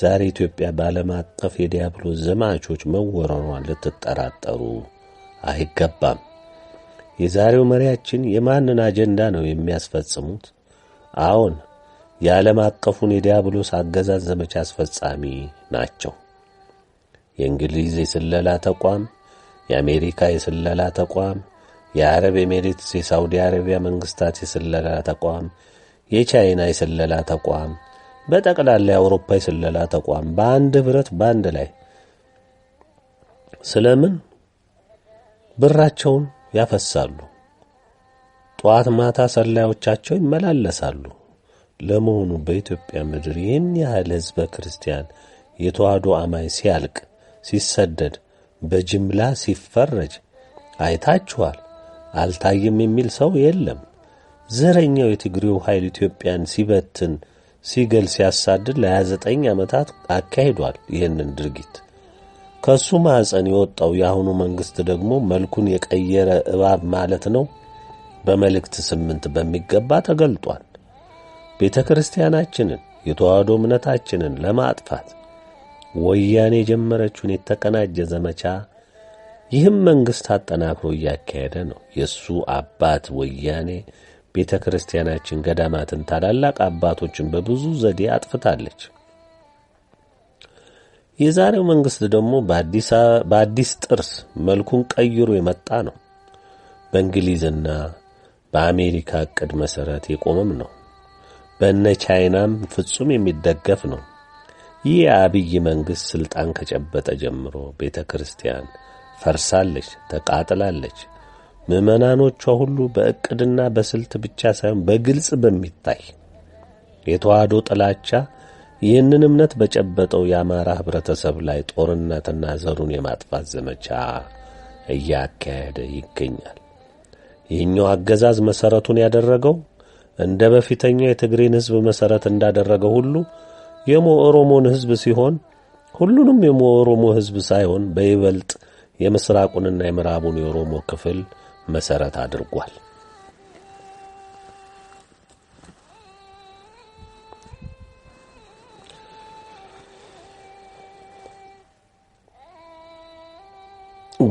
ዛሬ ኢትዮጵያ በዓለም አቀፍ የዲያብሎስ ዘማቾች መወረሯን ልትጠራጠሩ አይገባም። የዛሬው መሪያችን የማንን አጀንዳ ነው የሚያስፈጽሙት? አዎን የዓለም አቀፉን የዲያብሎስ አገዛዝ ዘመቻ አስፈጻሚ ናቸው። የእንግሊዝ የስለላ ተቋም፣ የአሜሪካ የስለላ ተቋም፣ የአረብ ኤሜሬትስ፣ የሳውዲ አረቢያ መንግሥታት የስለላ ተቋም፣ የቻይና የስለላ ተቋም በጠቅላላ የአውሮፓ የስለላ ተቋም በአንድ ህብረት በአንድ ላይ ስለምን ብራቸውን ያፈሳሉ። ጠዋት ማታ ሰላዮቻቸው ይመላለሳሉ። ለመሆኑ በኢትዮጵያ ምድር ይህን ያህል ህዝበ ክርስቲያን የተዋህዶ አማኝ ሲያልቅ፣ ሲሰደድ፣ በጅምላ ሲፈረጅ አይታችኋል? አልታየም የሚል ሰው የለም። ዘረኛው የትግሬው ኃይል ኢትዮጵያን ሲበትን ሲገል ሲያሳድድ ለ29 ዓመታት አካሂዷል ይህንን ድርጊት። ከእሱ ማኅፀን የወጣው የአሁኑ መንግሥት ደግሞ መልኩን የቀየረ እባብ ማለት ነው በመልእክት ስምንት በሚገባ ተገልጧል። ቤተ ክርስቲያናችንን የተዋህዶ እምነታችንን ለማጥፋት ወያኔ የጀመረችውን የተቀናጀ ዘመቻ ይህም መንግሥት አጠናክሮ እያካሄደ ነው። የእሱ አባት ወያኔ ቤተ ክርስቲያናችን ገዳማትን፣ ታላላቅ አባቶችን በብዙ ዘዴ አጥፍታለች። የዛሬው መንግሥት ደግሞ በአዲስ ጥርስ መልኩን ቀይሮ የመጣ ነው። በእንግሊዝና በአሜሪካ ዕቅድ መሠረት የቆመም ነው። በእነ ቻይናም ፍጹም የሚደገፍ ነው። ይህ የአብይ መንግሥት ሥልጣን ከጨበጠ ጀምሮ ቤተ ክርስቲያን ፈርሳለች፣ ተቃጥላለች። ምዕመናኖቿ ሁሉ በእቅድና በስልት ብቻ ሳይሆን በግልጽ በሚታይ የተዋህዶ ጥላቻ ይህንን እምነት በጨበጠው የአማራ ኅብረተሰብ ላይ ጦርነትና ዘሩን የማጥፋት ዘመቻ እያካሄደ ይገኛል። ይህኛው አገዛዝ መሠረቱን ያደረገው እንደ በፊተኛው የትግሬን ሕዝብ መሠረት እንዳደረገው ሁሉ የኦሮሞን ሕዝብ ሲሆን ሁሉንም የኦሮሞ ሕዝብ ሳይሆን በይበልጥ የምሥራቁንና የምዕራቡን የኦሮሞ ክፍል መሰረት አድርጓል።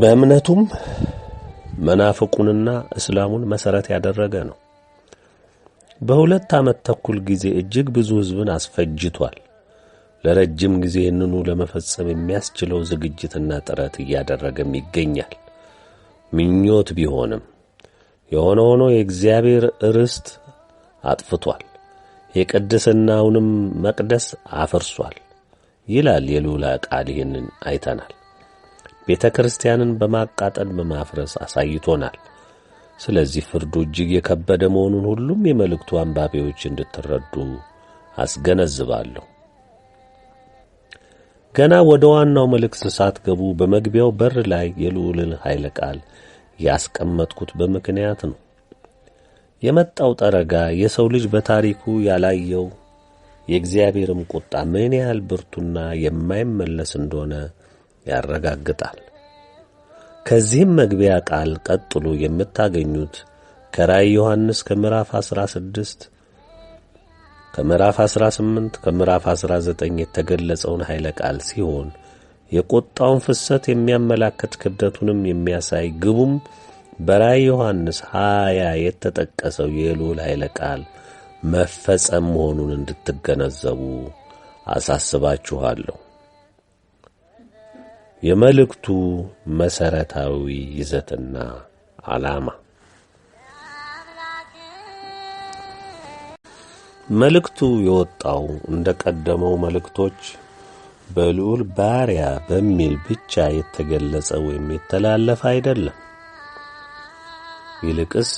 በእምነቱም መናፍቁንና እስላሙን መሰረት ያደረገ ነው። በሁለት ዓመት ተኩል ጊዜ እጅግ ብዙ ሕዝብን አስፈጅቷል። ለረጅም ጊዜ ይህንኑ ለመፈጸም የሚያስችለው ዝግጅትና ጥረት እያደረገም ይገኛል። ምኞት ቢሆንም የሆነ ሆኖ የእግዚአብሔር ርስት አጥፍቷል፣ የቅድስናውንም መቅደስ አፈርሷል ይላል የሉላ ቃል። ይህንን አይተናል። ቤተ ክርስቲያንን በማቃጠል በማፍረስ አሳይቶናል። ስለዚህ ፍርዱ እጅግ የከበደ መሆኑን ሁሉም የመልእክቱ አንባቢዎች እንድትረዱ አስገነዝባለሁ። ገና ወደ ዋናው መልእክት ሳትገቡ በመግቢያው በር ላይ የልዑልን ኃይለ ቃል ያስቀመጥኩት በምክንያት ነው። የመጣው ጠረጋ የሰው ልጅ በታሪኩ ያላየው የእግዚአብሔርም ቁጣ ምን ያህል ብርቱና የማይመለስ እንደሆነ ያረጋግጣል። ከዚህም መግቢያ ቃል ቀጥሎ የምታገኙት ከራእይ ዮሐንስ ከምዕራፍ 16 ከምዕራፍ 18 ከምዕራፍ 19 የተገለጸውን ኃይለ ቃል ሲሆን የቁጣውን ፍሰት የሚያመላክት ክብደቱንም የሚያሳይ ግቡም በራእይ ዮሐንስ 20 የተጠቀሰው የልዑል ኃይለ ቃል መፈጸም መሆኑን እንድትገነዘቡ አሳስባችኋለሁ። የመልእክቱ መሠረታዊ ይዘትና ዓላማ መልእክቱ የወጣው እንደ ቀደመው መልእክቶች በልዑል ባሪያ በሚል ብቻ የተገለጸ ወይም የተላለፈ አይደለም። ይልቅስ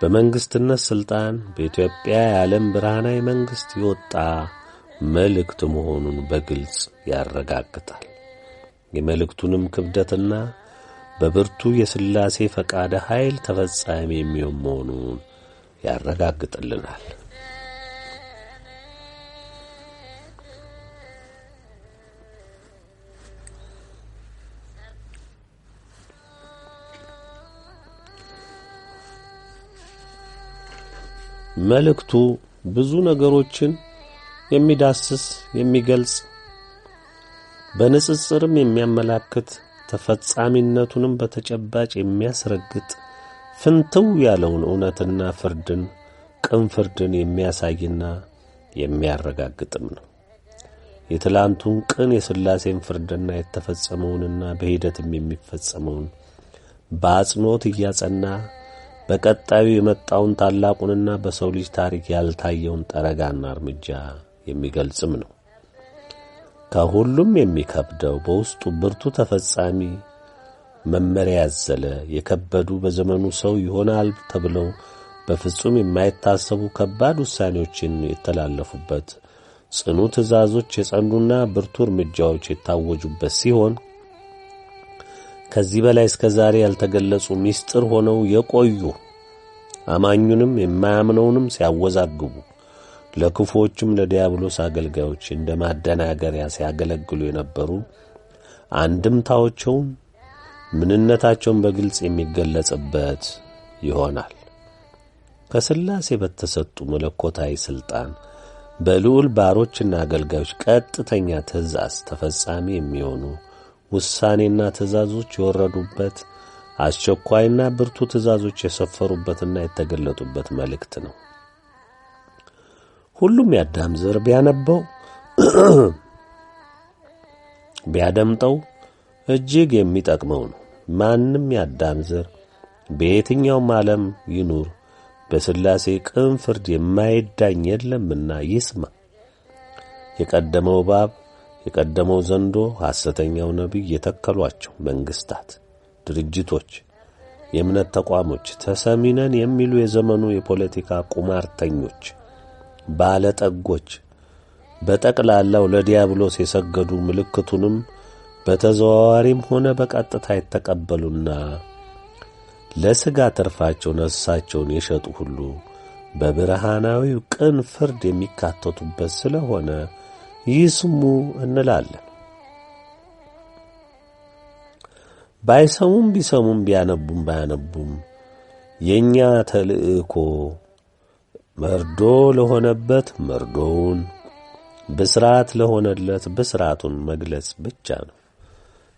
በመንግስትነት ስልጣን በኢትዮጵያ የዓለም ብርሃናዊ መንግስት የወጣ መልእክት መሆኑን በግልጽ ያረጋግጣል። የመልእክቱንም ክብደትና በብርቱ የሥላሴ ፈቃደ ኃይል ተፈጻሚ የሚሆን መሆኑን ያረጋግጥልናል። መልእክቱ ብዙ ነገሮችን የሚዳስስ የሚገልጽ፣ በንጽጽርም የሚያመላክት ተፈጻሚነቱንም በተጨባጭ የሚያስረግጥ ፍንትው ያለውን እውነትና ፍርድን ቅን ፍርድን የሚያሳይና የሚያረጋግጥም ነው። የትላንቱን ቅን የሥላሴን ፍርድና የተፈጸመውንና በሂደትም የሚፈጸመውን በአጽንኦት እያጸና በቀጣዩ የመጣውን ታላቁንና በሰው ልጅ ታሪክ ያልታየውን ጠረጋና እርምጃ የሚገልጽም ነው። ከሁሉም የሚከብደው በውስጡ ብርቱ ተፈጻሚ መመሪያ ያዘለ የከበዱ በዘመኑ ሰው ይሆናል ተብለው በፍጹም የማይታሰቡ ከባድ ውሳኔዎችን የተላለፉበት ጽኑ ትእዛዞች የጸኑና ብርቱ እርምጃዎች የታወጁበት ሲሆን ከዚህ በላይ እስከ ዛሬ ያልተገለጹ ምስጢር ሆነው የቆዩ አማኙንም የማያምነውንም ሲያወዛግቡ ለክፎችም ለዲያብሎስ አገልጋዮች እንደ ማደናገሪያ ሲያገለግሉ የነበሩ አንድምታዎቸውን ምንነታቸውን በግልጽ የሚገለጽበት ይሆናል። ከሥላሴ በተሰጡ መለኮታዊ ሥልጣን በልዑል ባሮችና አገልጋዮች ቀጥተኛ ትእዛዝ ተፈጻሚ የሚሆኑ ውሳኔና ትእዛዞች የወረዱበት አስቸኳይና ብርቱ ትእዛዞች የሰፈሩበትና የተገለጡበት መልእክት ነው። ሁሉም የአዳም ዘር ቢያነበው ቢያደምጠው እጅግ የሚጠቅመው ነው። ማንም የአዳም ዘር በየትኛውም ዓለም ይኑር በሥላሴ ቅን ፍርድ የማይዳኝ የለምና ይስማ። የቀደመው እባብ የቀደመው ዘንዶ፣ ሐሰተኛው ነቢይ የተከሏቸው መንግስታት፣ ድርጅቶች፣ የእምነት ተቋሞች፣ ተሰሚነን የሚሉ የዘመኑ የፖለቲካ ቁማርተኞች፣ ባለጠጎች በጠቅላላው ለዲያብሎስ የሰገዱ ምልክቱንም በተዘዋዋሪም ሆነ በቀጥታ የተቀበሉና ለሥጋ ተርፋቸው ነፍሳቸውን የሸጡ ሁሉ በብርሃናዊው ቅን ፍርድ የሚካተቱበት ስለሆነ ይስሙ እንላለን። ባይሰሙም ቢሰሙም ቢያነቡም ባያነቡም የእኛ ተልእኮ መርዶ ለሆነበት መርዶውን፣ ብስራት ለሆነለት ብስራቱን መግለጽ ብቻ ነው።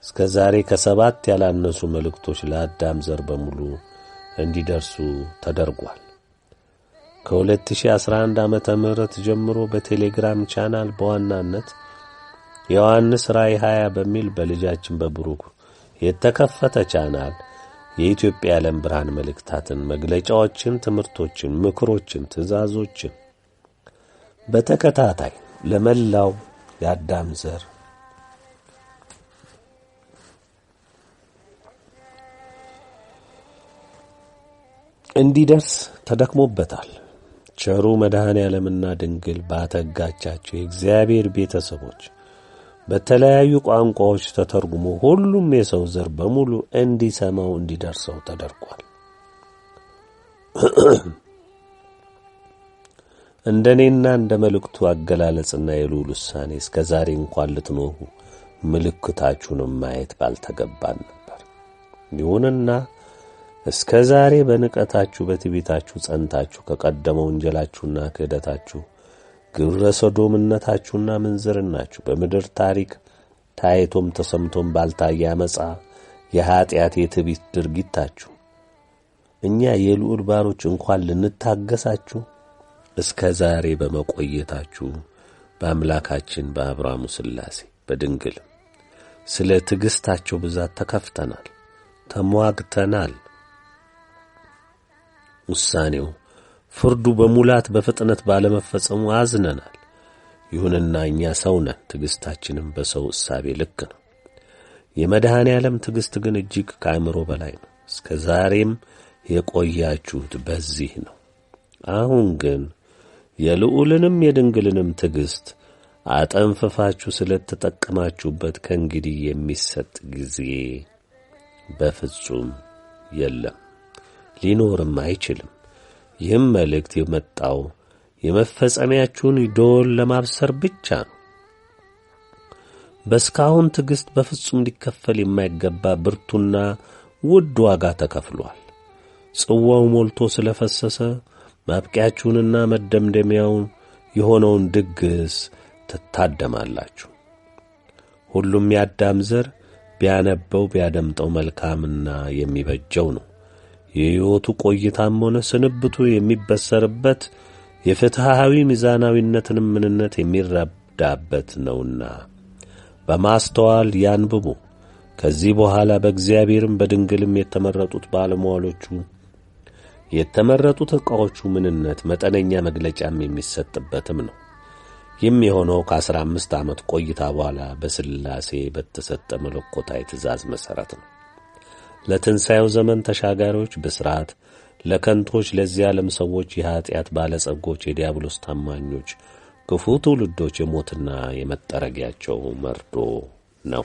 እስከ ዛሬ ከሰባት ያላነሱ መልእክቶች ለአዳም ዘር በሙሉ እንዲደርሱ ተደርጓል። ከ2011 ዓ ም ጀምሮ በቴሌግራም ቻናል በዋናነት የዮሐንስ ራእይ 20 በሚል በልጃችን በብሩክ የተከፈተ ቻናል የኢትዮጵያ የዓለም ብርሃን መልእክታትን፣ መግለጫዎችን፣ ትምህርቶችን፣ ምክሮችን፣ ትእዛዞችን በተከታታይ ለመላው የአዳም ዘር እንዲደርስ ተደክሞበታል። ቸሩ መድኃኔ ዓለምና ድንግል ባተጋቻቸው የእግዚአብሔር ቤተሰቦች በተለያዩ ቋንቋዎች ተተርጉሞ ሁሉም የሰው ዘር በሙሉ እንዲሰማው እንዲደርሰው ተደርጓል። እንደ እኔና እንደ መልእክቱ አገላለጽና የልዑል ውሳኔ እስከ ዛሬ እንኳን ልትኖሩ ምልክታችሁንም ማየት ባልተገባን ነበር። ይሁንና እስከ ዛሬ በንቀታችሁ በትቢታችሁ ጸንታችሁ ከቀደመው ወንጀላችሁና ክህደታችሁ ግብረ ሰዶምነታችሁና ምንዝርናችሁ በምድር ታሪክ ታይቶም ተሰምቶም ባልታየ አመፃ የኀጢአት የትቢት ድርጊታችሁ እኛ የልዑል ባሮች እንኳን ልንታገሳችሁ እስከ ዛሬ በመቆየታችሁ በአምላካችን በአብርሃሙ ሥላሴ በድንግልም ስለ ትዕግሥታቸው ብዛት ተከፍተናል፣ ተሟግተናል። ውሳኔው፣ ፍርዱ በሙላት በፍጥነት ባለመፈጸሙ አዝነናል። ይሁንና እኛ ሰው ነን፣ ትዕግሥታችንም በሰው እሳቤ ልክ ነው። የመድኃኔ ዓለም ትዕግሥት ግን እጅግ ከአእምሮ በላይ ነው። እስከ ዛሬም የቆያችሁት በዚህ ነው። አሁን ግን የልዑልንም የድንግልንም ትዕግሥት አጠንፍፋችሁ ስለተጠቀማችሁበት ከእንግዲህ የሚሰጥ ጊዜ በፍጹም የለም። ሊኖርም አይችልም። ይህም መልእክት የመጣው የመፈጸሚያችሁን ደወል ለማብሰር ብቻ ነው። በእስካሁን ትዕግሥት በፍጹም ሊከፈል የማይገባ ብርቱና ውድ ዋጋ ተከፍሏል። ጽዋው ሞልቶ ስለ ፈሰሰ ማብቂያችሁንና መደምደሚያውን የሆነውን ድግስ ትታደማላችሁ። ሁሉም ያዳም ዘር ቢያነበው ቢያደምጠው መልካምና የሚበጀው ነው። የሕይወቱ ቆይታም ሆነ ስንብቱ የሚበሰርበት የፍትሐዊ ሚዛናዊነትንም ምንነት የሚረዳበት ነውና በማስተዋል ያንብቡ። ከዚህ በኋላ በእግዚአብሔርም በድንግልም የተመረጡት ባለሟሎቹ የተመረጡት ዕቃዎቹ ምንነት መጠነኛ መግለጫም የሚሰጥበትም ነው። ይህም የሆነው ከአሥራ አምስት ዓመት ቆይታ በኋላ በሥላሴ በተሰጠ መለኮታዊ ትእዛዝ መሠረት ነው። ለትንሣኤው ዘመን ተሻጋሪዎች ብስራት፣ ለከንቶች ለዚህ ዓለም ሰዎች የኀጢአት ባለጸጎች የዲያብሎስ ታማኞች ክፉ ትውልዶች የሞትና የመጠረጊያቸው መርዶ ነው።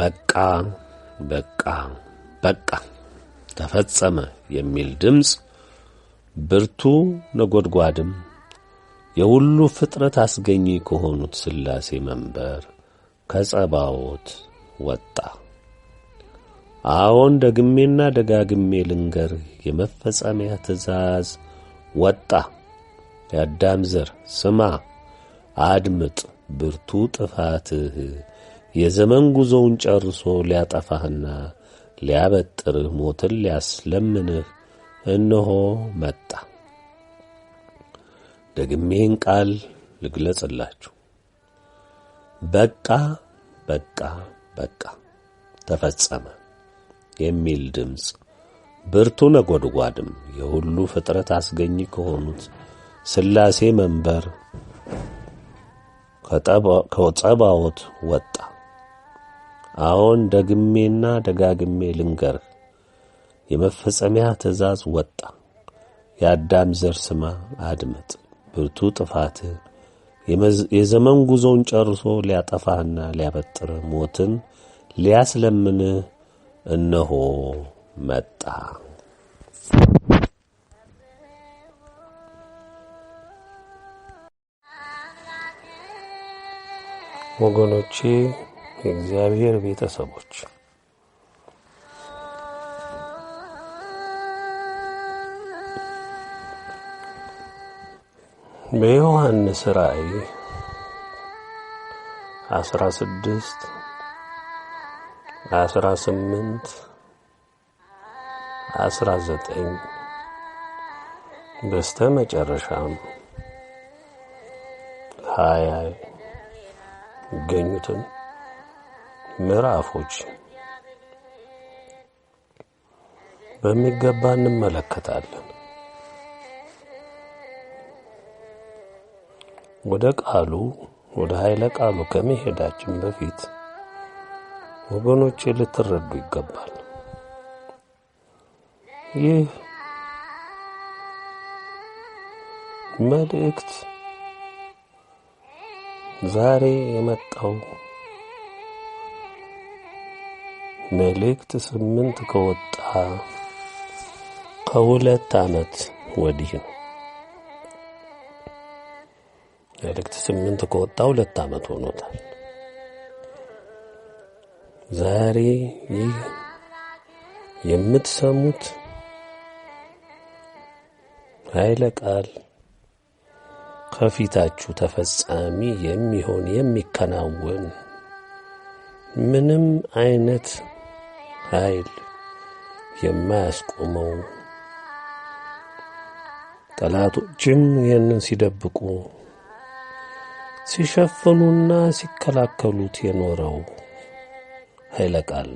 በቃ በቃ በቃ ተፈጸመ የሚል ድምፅ ብርቱ ነጎድጓድም የሁሉ ፍጥረት አስገኚ ከሆኑት ሥላሴ መንበር ከጸባዎት ወጣ። አዎን ደግሜና ደጋግሜ ልንገር፣ የመፈጸሚያ ትእዛዝ ወጣ። የአዳም ዘር ስማ፣ አድምጥ፣ ብርቱ ጥፋትህ የዘመን ጉዞውን ጨርሶ ሊያጠፋህና ሊያበጥርህ ሞትን ሊያስለምንህ እነሆ መጣ። ደግሜን ቃል ልግለጽላችሁ። በቃ በቃ በቃ ተፈጸመ የሚል ድምፅ ብርቱ ነጎድጓድም የሁሉ ፍጥረት አስገኝ ከሆኑት ሥላሴ መንበር ከጸባዖት ወጣ። አዎን ደግሜና ደጋግሜ ልንገርህ፣ የመፈጸሚያ ትእዛዝ ወጣ። የአዳም ዘር ስማ፣ አድመጥ! ብርቱ ጥፋትህ የዘመን ጉዞውን ጨርሶ ሊያጠፋህና ሊያበጥር ሞትን ሊያስለምንህ እነሆ መጣ። ወገኖቼ፣ የእግዚአብሔር ቤተሰቦች በዮሐንስ ራእይ 16 18 19 በስተ መጨረሻም ሀያ የሚገኙትን ምዕራፎች በሚገባ እንመለከታለን። ወደ ቃሉ ወደ ኃይለ ቃሉ ከመሄዳችን በፊት ወገኖቼ ልትረዱ ይገባል። ይህ መልእክት ዛሬ የመጣው መልእክት ስምንት ከወጣ ከሁለት ዓመት ወዲህ ነው። መልእክት ስምንት ከወጣ ሁለት ዓመት ሆኖታል። ዛሬ ይህ የምትሰሙት ኃይለ ቃል ከፊታችሁ ተፈጻሚ የሚሆን የሚከናወን ምንም አይነት ኃይል የማያስቆመው ጠላቶችም ይህንን ሲደብቁ ሲሸፍኑና ሲከላከሉት የኖረው ኃይለ ቃል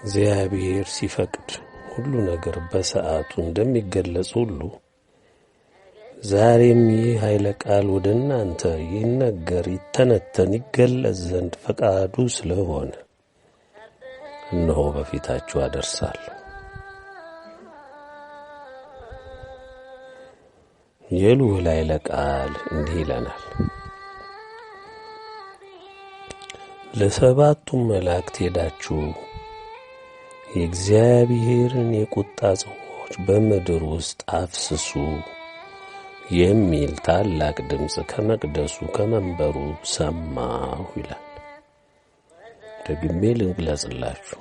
እግዚአብሔር ሲፈቅድ ሁሉ ነገር በሰዓቱ እንደሚገለጽ ሁሉ ዛሬም ይህ ኃይለ ቃል ወደ እናንተ ይነገር፣ ይተነተን፣ ይገለጽ ዘንድ ፈቃዱ ስለሆነ እነሆ በፊታችሁ አደርሳል። የሉህ ላይ ለቃል እንዲህ ይለናል። ለሰባቱም መላእክት ሄዳችሁ የእግዚአብሔርን የቁጣ ጽዋዎች በምድር ውስጥ አፍስሱ የሚል ታላቅ ድምፅ ከመቅደሱ ከመንበሩ ሰማሁ ይላል። ደግሜ ልንግለጽላችሁ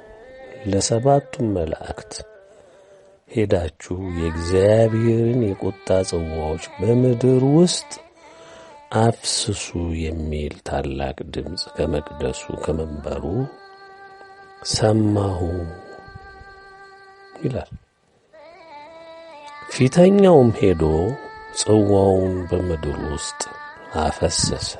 ለሰባቱም መላእክት ሄዳችሁ የእግዚአብሔርን የቁጣ ጽዋዎች በምድር ውስጥ አፍስሱ የሚል ታላቅ ድምፅ ከመቅደሱ ከመንበሩ ሰማሁ ይላል። ፊተኛውም ሄዶ ጽዋውን በምድር ውስጥ አፈሰሰ።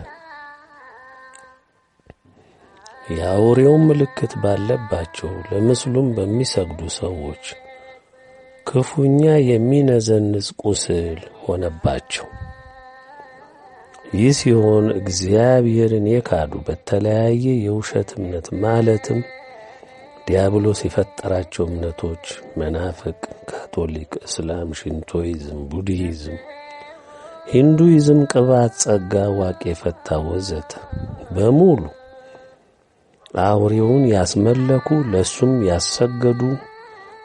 የአውሬውን ምልክት ባለባቸው ለምስሉም በሚሰግዱ ሰዎች ክፉኛ የሚነዘንዝ ቁስል ሆነባቸው። ይህ ሲሆን እግዚአብሔርን የካዱ በተለያየ የውሸት እምነት ማለትም ዲያብሎስ የፈጠራቸው እምነቶች መናፍቅ፣ ካቶሊክ፣ እስላም፣ ሽንቶይዝም፣ ቡድሂዝም፣ ሂንዱይዝም፣ ቅባት፣ ጸጋ፣ ዋቄ ፈታ ወዘተ በሙሉ አውሬውን ያስመለኩ ለእሱም ያሰገዱ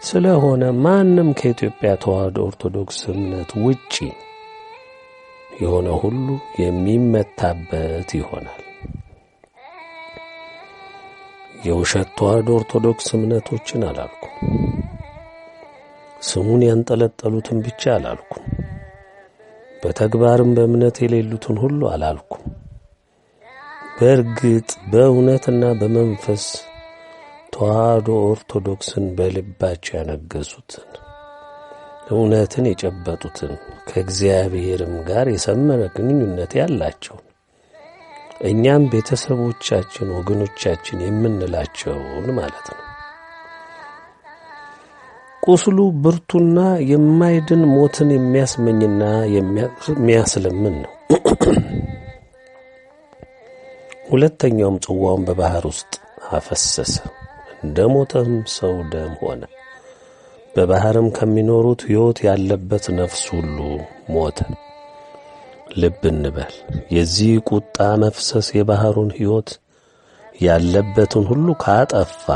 ስለሆነ ማንም ከኢትዮጵያ ተዋህዶ ኦርቶዶክስ እምነት ውጪ የሆነ ሁሉ የሚመታበት ይሆናል። የውሸት ተዋህዶ ኦርቶዶክስ እምነቶችን አላልኩም። ስሙን ያንጠለጠሉትን ብቻ አላልኩም። በተግባርም በእምነት የሌሉትን ሁሉ አላልኩም። በእርግጥ በእውነትና በመንፈስ ተዋህዶ ኦርቶዶክስን በልባቸው ያነገሱትን እውነትን የጨበጡትን ከእግዚአብሔርም ጋር የሰመረ ግንኙነት ያላቸውን እኛም ቤተሰቦቻችን፣ ወገኖቻችን የምንላቸውን ማለት ነው። ቁስሉ ብርቱና የማይድን ሞትን የሚያስመኝና የሚያስለምን ነው። ሁለተኛውም ጽዋውን በባህር ውስጥ አፈሰሰ። እንደ ሞተም ሰው ደም ሆነ። በባህርም ከሚኖሩት ሕይወት ያለበት ነፍስ ሁሉ ሞተ። ልብ እንበል። የዚህ ቁጣ መፍሰስ የባሕሩን ሕይወት ያለበትን ሁሉ ካጠፋ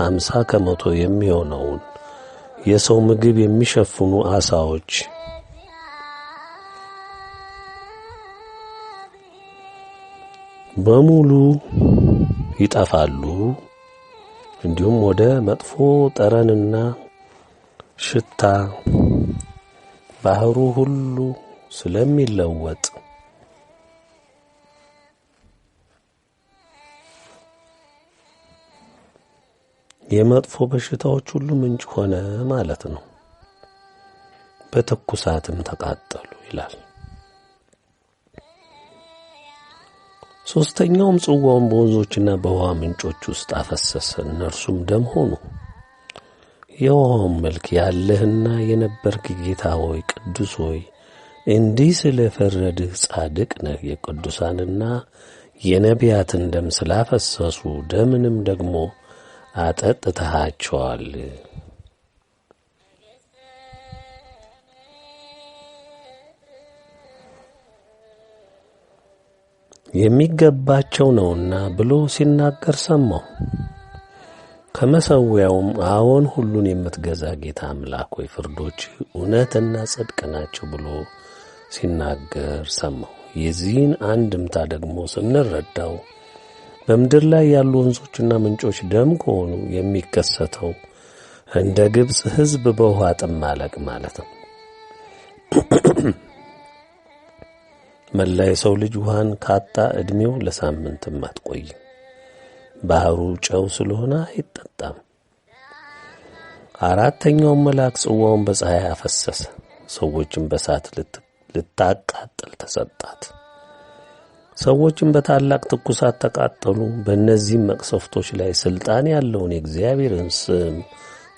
ሃምሳ ከመቶ የሚሆነውን የሰው ምግብ የሚሸፍኑ ዓሣዎች በሙሉ ይጠፋሉ። እንዲሁም ወደ መጥፎ ጠረንና ሽታ ባህሩ ሁሉ ስለሚለወጥ የመጥፎ በሽታዎች ሁሉ ምንጭ ሆነ ማለት ነው። በትኩሳትም ተቃጠሉ ይላል። ሦስተኛውም ጽዋውን በወንዞችና በውሃ ምንጮች ውስጥ አፈሰሰ፣ እነርሱም ደም ሆኑ። የውሃውን መልክ ያለህና የነበርክ ጌታ ሆይ ቅዱስ ሆይ እንዲህ ስለ ፈረድህ ጻድቅ ነህ። የቅዱሳንና የነቢያትን ደም ስላፈሰሱ ደምንም ደግሞ አጠጥተሃቸዋል። የሚገባቸው ነውና ብሎ ሲናገር ሰማሁ። ከመሠዊያውም አዎን ሁሉን የምትገዛ ጌታ አምላክ ሆይ ፍርዶች እውነትና ጽድቅ ናቸው ብሎ ሲናገር ሰማሁ። የዚህን አንድምታ ደግሞ ስንረዳው በምድር ላይ ያሉ ወንዞችና ምንጮች ደም ከሆኑ የሚከሰተው እንደ ግብፅ ሕዝብ በውሃ ጥማለቅ ማለት ነው። መላ የሰው ልጅ ውሃን ካጣ ዕድሜው ለሳምንትም አትቆይም። ባህሩ ጨው ስለሆነ አይጠጣም። አራተኛውም መልአክ ጽዋውን በፀሐይ አፈሰሰ፣ ሰዎችን በእሳት ልታቃጥል ተሰጣት። ሰዎችን በታላቅ ትኩሳት ተቃጠሉ። በእነዚህም መቅሰፍቶች ላይ ሥልጣን ያለውን የእግዚአብሔርን ስም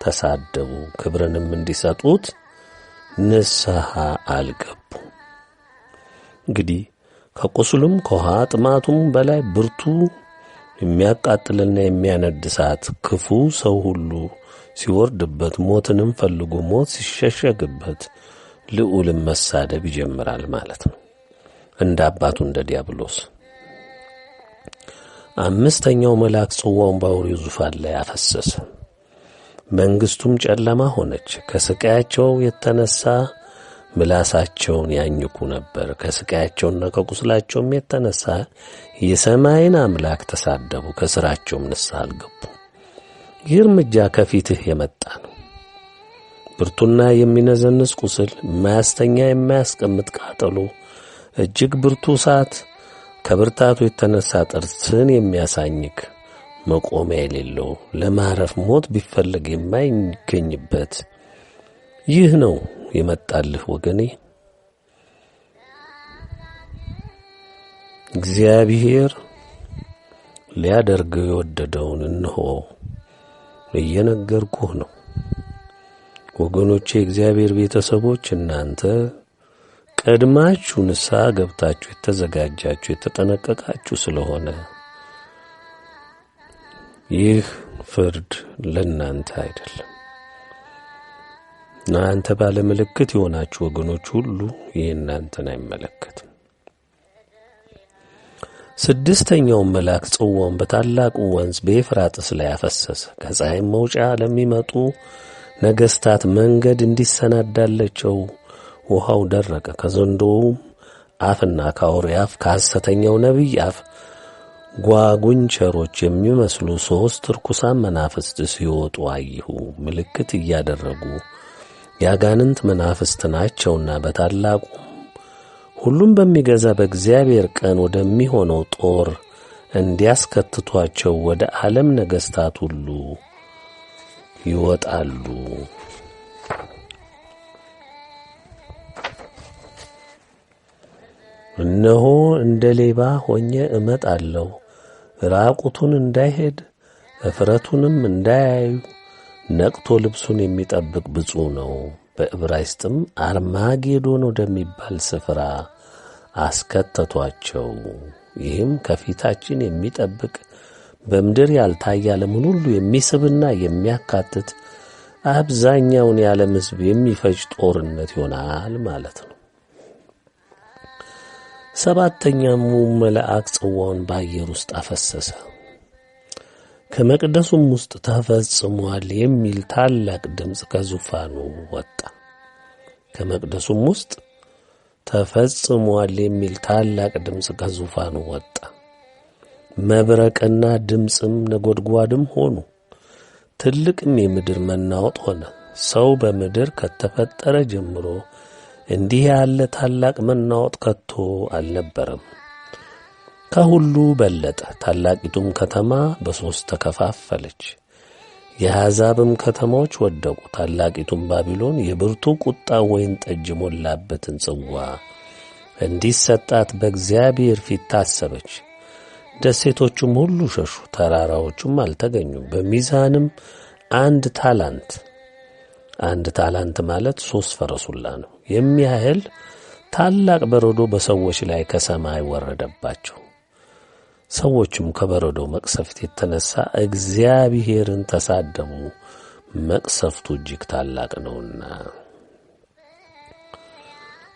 ተሳደቡ፣ ክብርንም እንዲሰጡት ንስሐ አልገቡ እንግዲህ ከቁስሉም ከውሃ ጥማቱም በላይ ብርቱ የሚያቃጥልና የሚያነድ እሳት ክፉ ሰው ሁሉ ሲወርድበት፣ ሞትንም ፈልጎ ሞት ሲሸሸግበት፣ ልዑልም መሳደብ ይጀምራል ማለት ነው እንደ አባቱ እንደ ዲያብሎስ። አምስተኛው መልአክ ጽዋውን በአውሬው ዙፋን ላይ አፈሰሰ። መንግሥቱም ጨለማ ሆነች። ከስቃያቸው የተነሳ ምላሳቸውን ያኝኩ ነበር። ከስቃያቸውና ከቁስላቸውም የተነሳ የሰማይን አምላክ ተሳደቡ፣ ከሥራቸውም ንስሐ አልገቡ። ይህ እርምጃ ከፊትህ የመጣ ነው። ብርቱና የሚነዘንስ ቁስል፣ የማያስተኛ የማያስቀምጥ ቃጠሎ፣ እጅግ ብርቱ እሳት ከብርታቱ የተነሳ ጥርስን የሚያሳኝክ መቆሚያ የሌለው ለማረፍ ሞት ቢፈለግ የማይገኝበት ይህ ነው የመጣልህ ወገኔ። እግዚአብሔር ሊያደርገው የወደደውን እንሆ እየነገርኩህ ነው። ወገኖቼ፣ እግዚአብሔር ቤተሰቦች እናንተ ቀድማችሁ ንስሐ ገብታችሁ የተዘጋጃችሁ የተጠነቀቃችሁ ስለሆነ ይህ ፍርድ ለእናንተ አይደለም። እናንተ ባለ ምልክት የሆናችሁ ወገኖች ሁሉ ይህ እናንተን አይመለከትም። ስድስተኛውን መልአክ ጽዋውን በታላቁ ወንዝ በኤፍራጥስ ላይ አፈሰሰ። ከፀሐይም መውጫ ለሚመጡ ነገሥታት መንገድ እንዲሰናዳለቸው ውሃው ደረቀ። ከዘንዶውም አፍና ከአውሬ አፍ ከሐሰተኛው ነቢይ አፍ ጓጉንቸሮች የሚመስሉ ሦስት ርኩሳን መናፍስት ሲወጡ አይሁ ምልክት እያደረጉ የአጋንንት መናፍስት ናቸውና በታላቁ ሁሉም በሚገዛ በእግዚአብሔር ቀን ወደሚሆነው ጦር እንዲያስከትቷቸው ወደ ዓለም ነገሥታት ሁሉ ይወጣሉ። እነሆ እንደ ሌባ ሆኜ እመጣለሁ፣ ራቁቱን እንዳይሄድ እፍረቱንም እንዳያዩ ነቅቶ ልብሱን የሚጠብቅ ብፁዕ ነው። በዕብራይስጥም አርማጌዶን ወደሚባል ስፍራ አስከተቷቸው። ይህም ከፊታችን የሚጠብቅ በምድር ያልታየ ዓለምን ሁሉ የሚስብና የሚያካትት አብዛኛውን የዓለም ሕዝብ የሚፈጅ ጦርነት ይሆናል ማለት ነው። ሰባተኛሙ መልአክ ጽዋውን በአየር ውስጥ አፈሰሰ። ከመቅደሱም ውስጥ ተፈጽሟል የሚል ታላቅ ድምፅ ከዙፋኑ ወጣ። ከመቅደሱም ውስጥ ተፈጽሟል የሚል ታላቅ ድምፅ ከዙፋኑ ወጣ። መብረቅና ድምፅም ነጎድጓድም ሆኑ። ትልቅም የምድር መናወጥ ሆነ። ሰው በምድር ከተፈጠረ ጀምሮ እንዲህ ያለ ታላቅ መናወጥ ከቶ አልነበረም። ከሁሉ በለጠ። ታላቂቱም ከተማ በሦስት ተከፋፈለች። የአሕዛብም ከተማዎች ወደቁ። ታላቂቱም ባቢሎን የብርቱ ቁጣ ወይን ጠጅ የሞላበትን ጽዋ እንዲሰጣት በእግዚአብሔር ፊት ታሰበች። ደሴቶቹም ሁሉ ሸሹ፣ ተራራዎቹም አልተገኙም። በሚዛንም አንድ ታላንት አንድ ታላንት ማለት ሦስት ፈረሱላ ነው የሚያህል ታላቅ በረዶ በሰዎች ላይ ከሰማይ ወረደባቸው። ሰዎቹም ከበረዶው መቅሰፍት የተነሳ እግዚአብሔርን ተሳደሙ፣ መቅሰፍቱ እጅግ ታላቅ ነውና።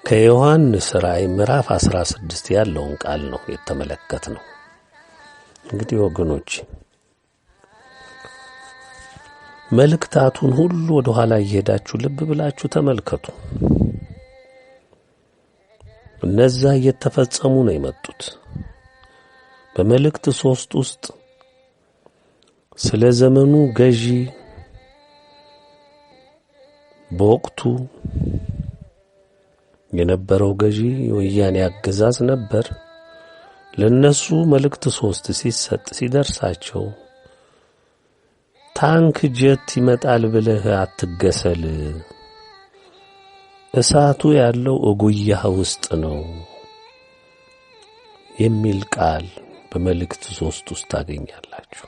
ከዮሐንስ ራእይ ምዕራፍ 16 ያለውን ቃል ነው የተመለከት ነው። እንግዲህ ወገኖች መልእክታቱን ሁሉ ወደ ኋላ እየሄዳችሁ ልብ ብላችሁ ተመልከቱ። እነዛ እየተፈጸሙ ነው የመጡት። በመልእክት ሶስት ውስጥ ስለ ዘመኑ ገዢ በወቅቱ የነበረው ገዢ ወያኔ አገዛዝ ነበር። ለነሱ መልእክት ሶስት ሲሰጥ ሲደርሳቸው ታንክ ጀት ይመጣል ብለህ አትገሰል፣ እሳቱ ያለው እጉያህ ውስጥ ነው የሚል ቃል በመልእክት ሶስት ውስጥ ታገኛላችሁ።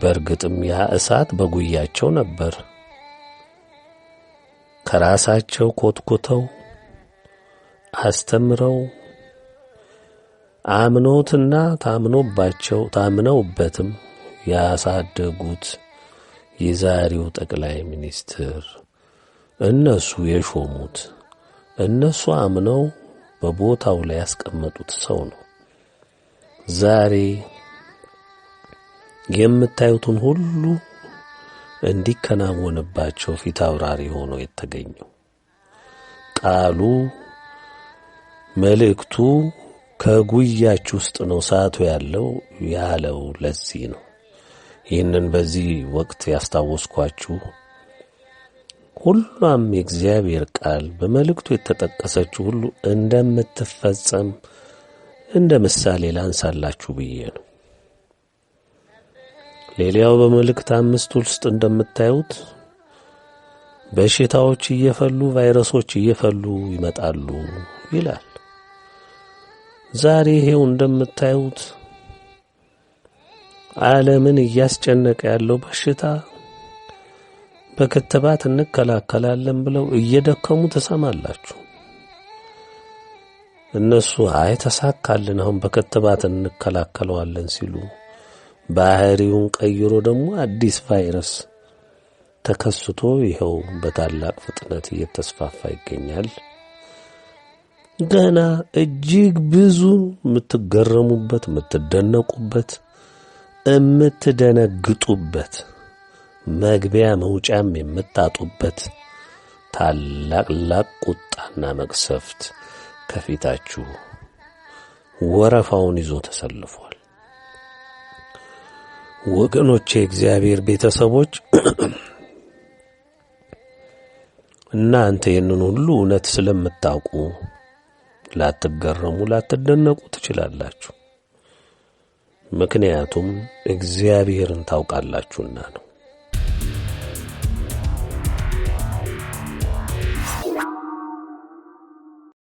በእርግጥም ያ እሳት በጉያቸው ነበር። ከራሳቸው ኮትኩተው አስተምረው አምኖትና ታምኖባቸው ታምነውበትም ያሳደጉት የዛሬው ጠቅላይ ሚኒስትር እነሱ የሾሙት እነሱ አምነው በቦታው ላይ ያስቀመጡት ሰው ነው። ዛሬ የምታዩትን ሁሉ እንዲከናወንባቸው ፊት አውራሪ ሆኖ የተገኘው ቃሉ መልእክቱ ከጉያችሁ ውስጥ ነው ሰዓቱ ያለው ያለው ለዚህ ነው። ይህንን በዚህ ወቅት ያስታወስኳችሁ ሁሏም የእግዚአብሔር ቃል በመልእክቱ የተጠቀሰችው ሁሉ እንደምትፈጸም እንደ ምሳሌ ላንሳላችሁ ብዬ ነው። ሌላው በመልእክት አምስት ውስጥ እንደምታዩት በሽታዎች እየፈሉ ቫይረሶች እየፈሉ ይመጣሉ ይላል። ዛሬ ይሄው እንደምታዩት ዓለምን እያስጨነቀ ያለው በሽታ በክትባት እንከላከላለን ብለው እየደከሙ ትሰማላችሁ። እነሱ አይ ተሳካልን፣ አሁን በክትባት እንከላከለዋለን ሲሉ ባህሪውን ቀይሮ ደግሞ አዲስ ቫይረስ ተከስቶ ይኸው በታላቅ ፍጥነት እየተስፋፋ ይገኛል። ገና እጅግ ብዙ የምትገረሙበት፣ የምትደነቁበት፣ የምትደነግጡበት መግቢያ መውጫም የምታጡበት ታላቅ ላቅ ቁጣና መቅሰፍት ከፊታችሁ ወረፋውን ይዞ ተሰልፏል። ወገኖቼ፣ የእግዚአብሔር ቤተሰቦች እናንተ ይህንን ሁሉ እውነት ስለምታውቁ ላትገረሙ፣ ላትደነቁ ትችላላችሁ። ምክንያቱም እግዚአብሔርን ታውቃላችሁና ነው።